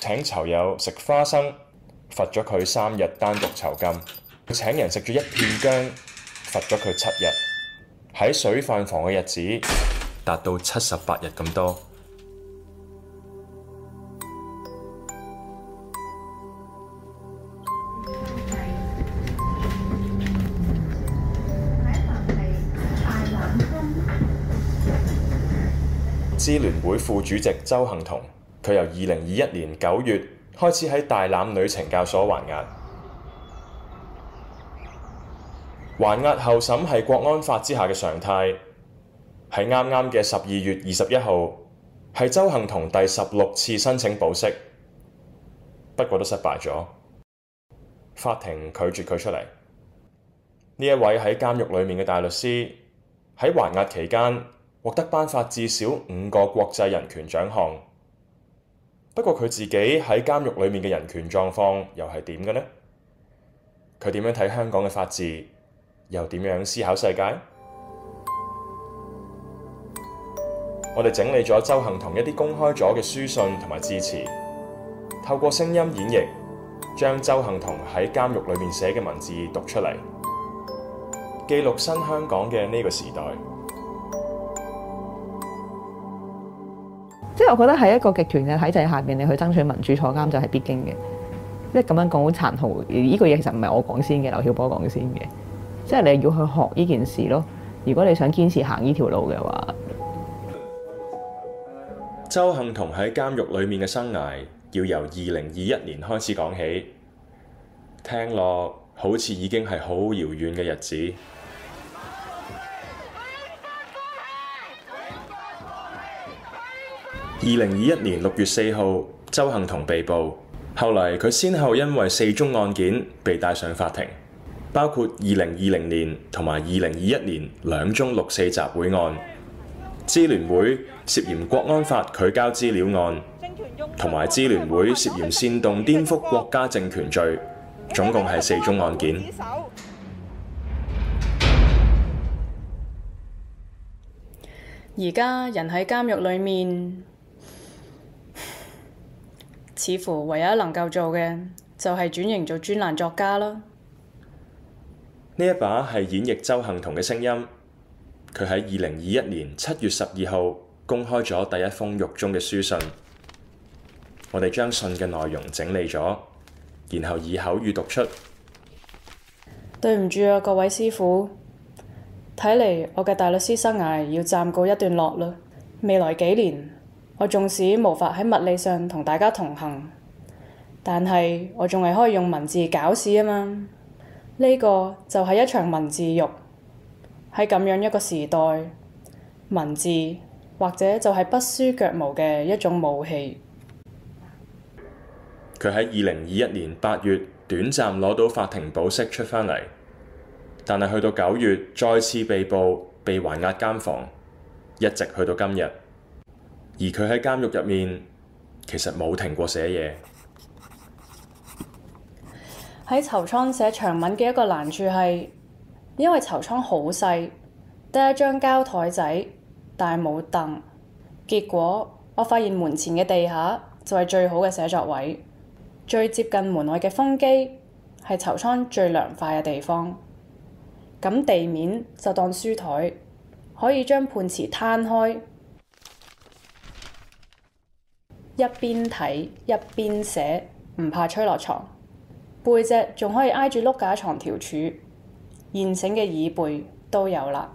請囚友食花生，罰咗佢三日單獨囚禁；佢請人食咗一片薑，罰咗佢七日。喺水飯房嘅日子達到七十八日咁多。支聯會副主席鄒幸彤。佢由二零二一年九月開始喺大欖女懲教所還押，還押候審係國安法之下嘅常態。喺啱啱嘅十二月二十一號，係鄒幸彤第十六次申請保釋，不過都失敗咗，法庭拒絕佢出嚟。呢位喺監獄裡面嘅大律師喺還押期間獲得頒發至少五個國際人權獎項。不過佢自己喺監獄裏面嘅人權狀況又係點嘅呢？佢點樣睇香港嘅法治，又點樣思考世界？我哋整理咗鄒幸彤一啲公開咗嘅書信同埋致辭，透過聲音演繹，將鄒幸彤喺監獄裏面寫嘅文字讀出嚟，記錄新香港嘅呢個時代。即係我覺得喺一個極權嘅體制下面，你去爭取民主，坐監就係必經嘅。即係咁樣講好殘酷，呢個嘢其實唔係我講先嘅，劉曉波講先嘅。即係你要去學呢件事咯。如果你想堅持行呢條路嘅話。鄒幸彤喺監獄裏面嘅生涯要由二零二一年開始講起，聽落好似已經係好遙遠嘅日子。二零二一年六月四號，鄒幸彤被捕。後嚟佢先後因為四宗案件被帶上法庭，包括二零二零年同埋二零二一年兩宗六四集會案、支聯會涉嫌國安法拒交資料案，同埋支聯會涉嫌煽動顛覆國家政權罪，總共係四宗案件。而家人喺監獄裏面。似乎唯一能夠做嘅就係轉型做專欄作家啦。呢一把係演繹鄒幸彤嘅聲音。佢喺二零二一年七月十二號公開咗第一封獄中嘅書信。我哋將信嘅內容整理咗，然後以口語讀出。對唔住啊，各位師傅。睇嚟我嘅大律師生涯要暫告一段落啦。未來幾年，我縱使無法喺物理上同大家同行，但係我仲係可以用文字搞事啊嘛！呢個就係一場文字獄，喺咁樣一個時代，文字或者就係不輸腳毛嘅一種武器。佢喺二零二一年八月短暫攞到法庭保釋出翻嚟，但係去到九月再次被捕，被還押監房，一直去到今日。而佢喺監獄入面，其實冇停過寫嘢。喺囚倉寫長文嘅一個難處係，因為囚倉好細，得一張膠枱仔，但係冇凳。結果，我發現門前嘅地下就係最好嘅寫作位，最接近門外嘅風機，係囚倉最涼快嘅地方。咁地面就當書枱，可以將判詞攤開。一邊睇一邊寫，唔怕吹落床，背脊仲可以挨住碌架床條柱，現成嘅椅背都有啦。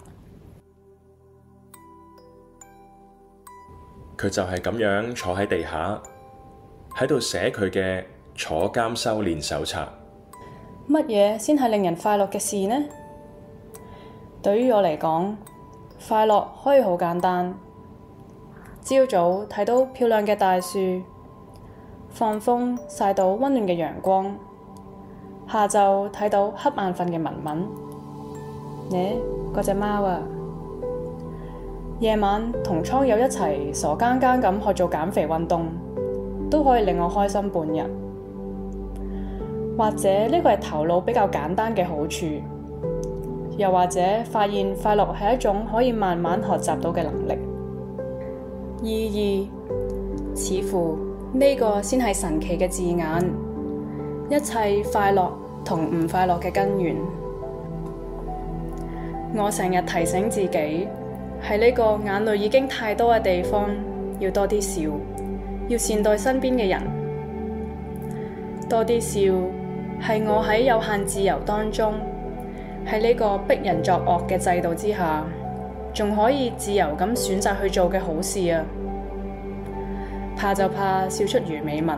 佢就係咁樣坐喺地下，喺度寫佢嘅坐監修煉手冊。乜嘢先係令人快樂嘅事呢？對於我嚟講，快樂可以好簡單。朝早睇到漂亮嘅大樹，放風曬到溫暖嘅陽光；下晝睇到黑眼瞓嘅文文，誒、欸，嗰隻貓啊！夜晚同倉友一齊傻更更咁學做減肥運動，都可以令我開心半日。或者呢個係頭腦比較簡單嘅好處，又或者發現快樂係一種可以慢慢學習到嘅能力。意義，似乎呢個先係神奇嘅字眼，一切快樂同唔快樂嘅根源。我成日提醒自己喺呢個眼淚已經太多嘅地方，要多啲笑，要善待身邊嘅人，多啲笑係我喺有限自由當中，喺呢個逼人作惡嘅制度之下仲可以自由咁選擇去做嘅好事啊！怕就怕笑出魚尾紋。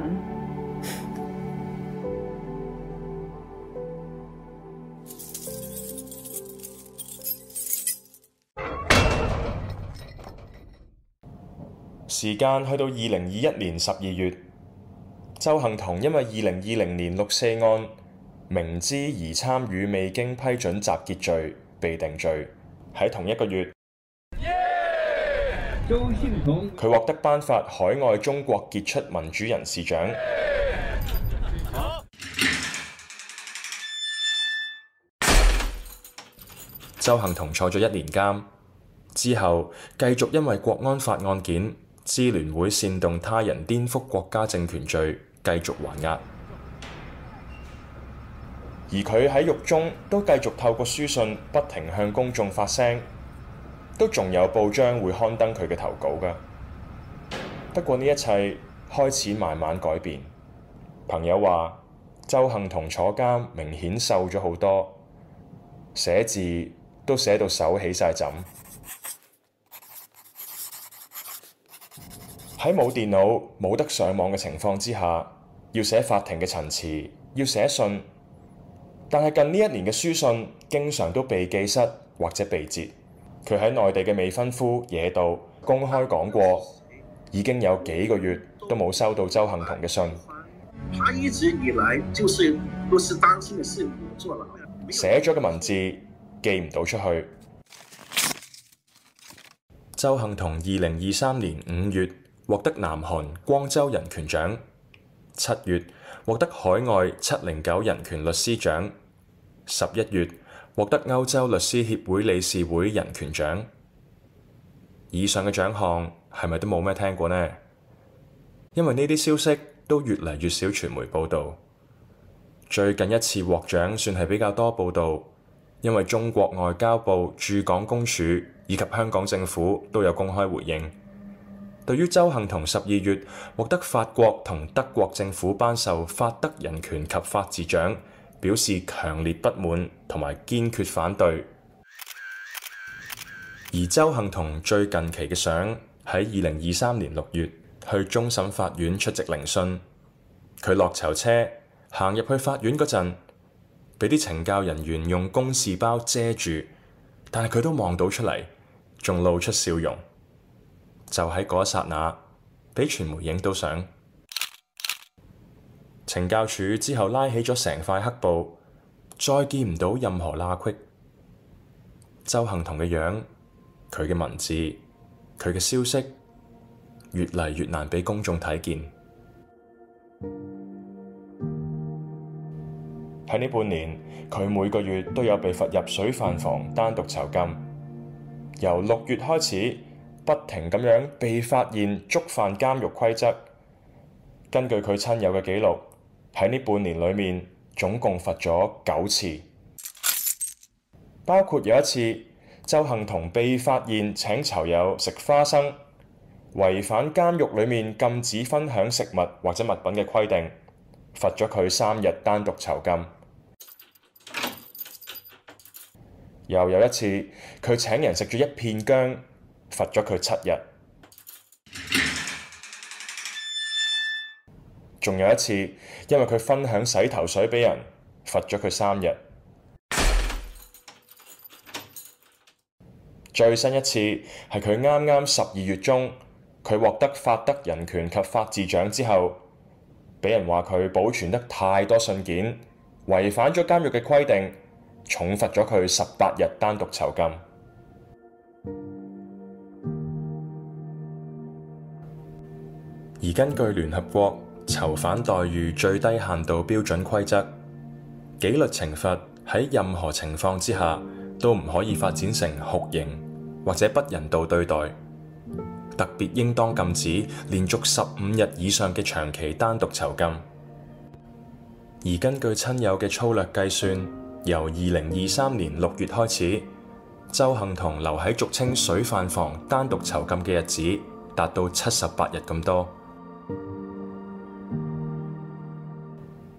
時間去到二零二一年十二月，鄒幸彤因為二零二零年六四案，明知而參與未經批准集結罪被定罪，喺同一個月。佢獲得頒發海外中國傑出民主人士獎。鄒幸彤坐咗一年監之後，繼續因為國安法案件、支聯會煽動他人顛覆國家政權罪繼續還押，而佢喺獄中都繼續透過書信不停向公眾發聲。都仲有報章會刊登佢嘅投稿㗎。不過呢一切開始慢慢改變。朋友話：鄒幸彤坐監明顯瘦咗好多，寫字都寫到手起晒枕。喺冇電腦、冇得上網嘅情況之下，要寫法庭嘅陳詞，要寫信，但係近呢一年嘅書信經常都被寄失或者被截。佢喺內地嘅未婚夫野道公開講過，已經有幾個月都冇收到鄒幸彤嘅信。佢一直以來就係都係擔心嘅事，坐牢寫咗嘅文字寄唔到出去。鄒幸彤二零二三年五月獲得南韓光州人權獎，七月獲得海外七零九人權律師獎，十一月，獲得歐洲律師協會理事會人權獎，以上嘅獎項係咪都冇咩聽過呢？因為呢啲消息都越嚟越少傳媒報道。最近一次獲獎算係比較多報道，因為中國外交部駐港公署以及香港政府都有公開回應，對於鄒幸彤十二月獲得法國同德國政府頒授法德人權及法治獎，表示強烈不滿同埋堅決反對。而鄒幸彤最近期嘅相喺二零二三年六月去終審法院出席聆訊，佢落囚車行入去法院嗰陣，俾啲懲教人員用公事包遮住，但係佢都望到出嚟，仲露出笑容。就喺嗰一剎那，畀傳媒影到相。懲教署之後拉起咗成塊黑布，再見唔到任何罅隙。鄒幸彤嘅樣、佢嘅文字、佢嘅消息，越嚟越難畀公眾睇見。喺呢半年，佢每個月都有被罰入水飯房單獨囚禁。由六月開始，不停咁樣被發現觸犯監獄規則。根據佢親友嘅記錄。喺呢半年裏面，總共罰咗九次，包括有一次鄒幸彤被發現請囚友食花生，違反監獄裏面禁止分享食物或者物品嘅規定，罰咗佢三日單獨囚禁。又有一次，佢請人食咗一片薑，罰咗佢七日。仲有一次，因為佢分享洗頭水俾人，罰咗佢三日。最新一次係佢啱啱十二月中，佢獲得法德人權及法治獎之後，俾人話佢保存得太多信件，違反咗監獄嘅規定，重罰咗佢十八日單獨囚禁。而根據聯合國囚犯待遇最低限度標準規則，紀律懲罰喺任何情況之下都唔可以發展成酷刑或者不人道對待，特別應當禁止連續十五日以上嘅長期單獨囚禁。而根據親友嘅粗略計算，由二零二三年六月開始，鄒幸彤留喺俗稱水飯房單獨囚禁嘅日子達到七十八日咁多。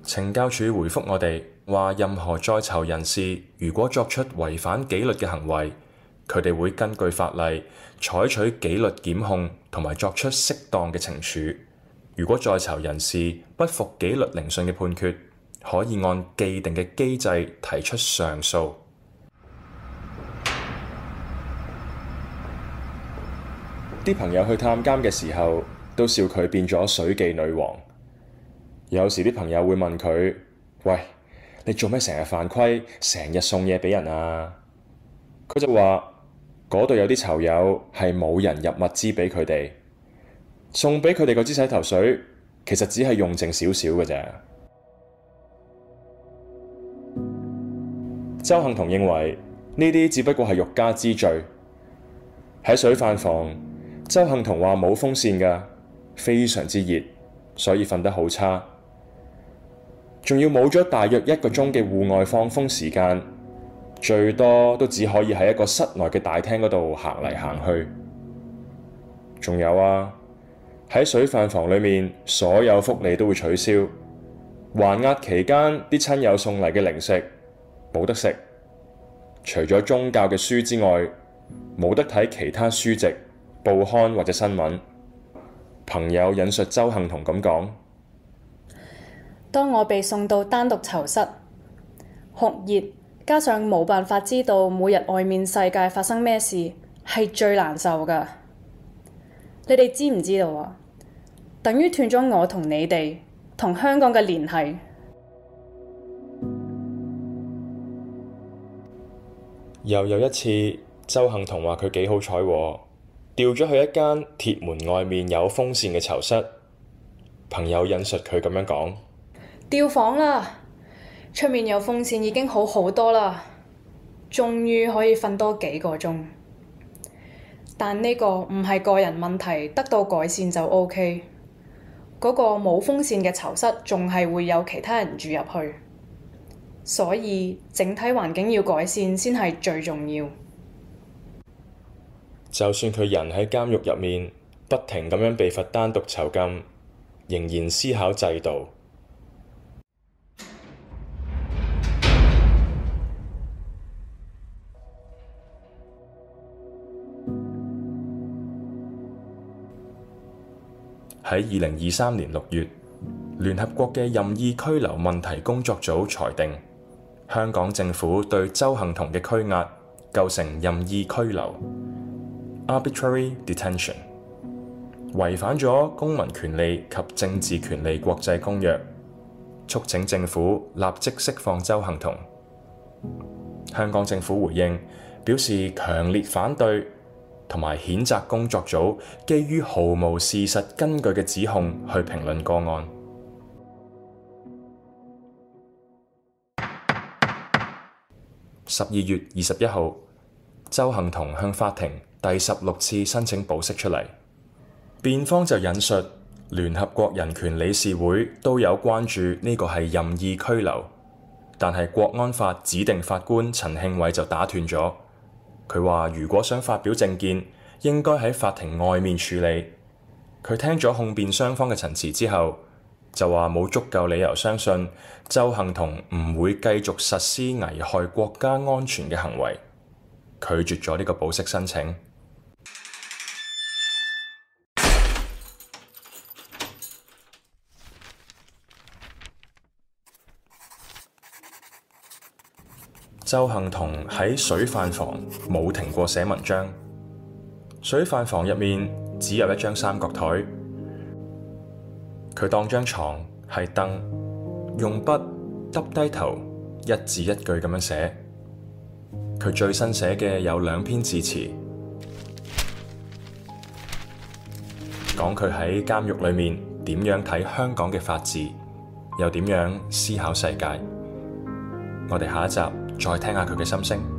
懲教署回覆我哋話，任何在囚人士如果作出違反紀律嘅行為，佢哋會根據法例採取紀律檢控同埋作出適當嘅懲處。如果在囚人士不服紀律聆訊嘅判決，可以按既定嘅機制提出上訴。啲朋友去探監嘅時候，都笑佢變咗水記女王。有時啲朋友會問佢：喂，你做咩成日犯規，成日送嘢畀人啊？佢就話：嗰度有啲囚友係冇人入物資畀佢哋，送畀佢哋個支洗頭水，其實只係用剩少少嘅啫。鄒幸彤認為呢啲只不過係欲加之罪。喺水飯房，鄒幸彤話冇風扇嘅，非常之熱，所以瞓得好差。仲要冇咗大約一個鐘嘅戶外放風時間，最多都只可以喺一個室內嘅大廳嗰度行嚟行去。仲有啊，喺水飯房裏面，所有福利都會取消。還押期間啲親友送嚟嘅零食冇得食，除咗宗教嘅書之外，冇得睇其他書籍、報刊或者新聞。朋友引述鄒幸彤咁講。當我被送到單獨囚室，酷熱加上冇辦法知道每日外面世界發生咩事，係最難受噶。你哋知唔知道啊？等於斷咗我同你哋同香港嘅聯繫。又有一次，鄒幸彤話佢幾好彩喎，調咗去一間鐵門外面有風扇嘅囚室。朋友引述佢咁樣講。調房啦，出面有風扇已經好好多啦，終於可以瞓多幾個鐘。但呢個唔係個人問題，得到改善就 OK。嗰個冇風扇嘅囚室仲係會有其他人住入去，所以整體環境要改善先係最重要。就算佢人喺監獄入面不停咁樣被罰單獨囚禁，仍然思考制度。喺二零二三年六月，聯合國嘅任意拘留問題工作組裁定，香港政府對鄒幸彤嘅拘押構成任意拘留 （arbitrary detention），違反咗公民權利及政治權利國際公約，促請政府立即釋放鄒幸彤。香港政府回應，表示強烈反對。同埋譴責工作組基於毫無事實根據嘅指控去評論個案。十二月二十一號，鄒幸彤向法庭第十六次申請保釋出嚟。辯方就引述聯合國人權理事會都有關注呢個係任意拘留，但係國安法指定法官陳慶偉就打斷咗。佢話：如果想發表政見，應該喺法庭外面處理。佢聽咗控辯雙方嘅陳詞之後，就話冇足夠理由相信鄒幸彤唔會繼續實施危害國家安全嘅行為，拒絕咗呢個保釋申請。鄒幸彤喺水飯房冇停過寫文章。水飯房入面只有一張三角台，佢當張床係凳，用筆耷低頭一字一句咁樣寫。佢最新寫嘅有兩篇致辭，講佢喺監獄裏面點樣睇香港嘅法治，又點樣思考世界。我哋下一集。再聽下佢嘅心聲。